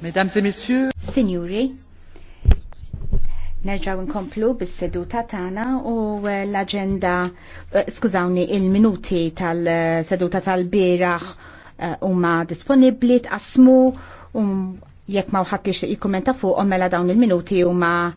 Mesdames et messieurs. Signori, nerġaw nkomplu bis-seduta tagħna u eh, l-aġenda eh, skużawni il-minuti tal-seduta tal-bieraħ eh, huma disponibbli tqasmu u um, jekk ma wħadd li jikkumenta fuqhom mela dawn il-minuti huma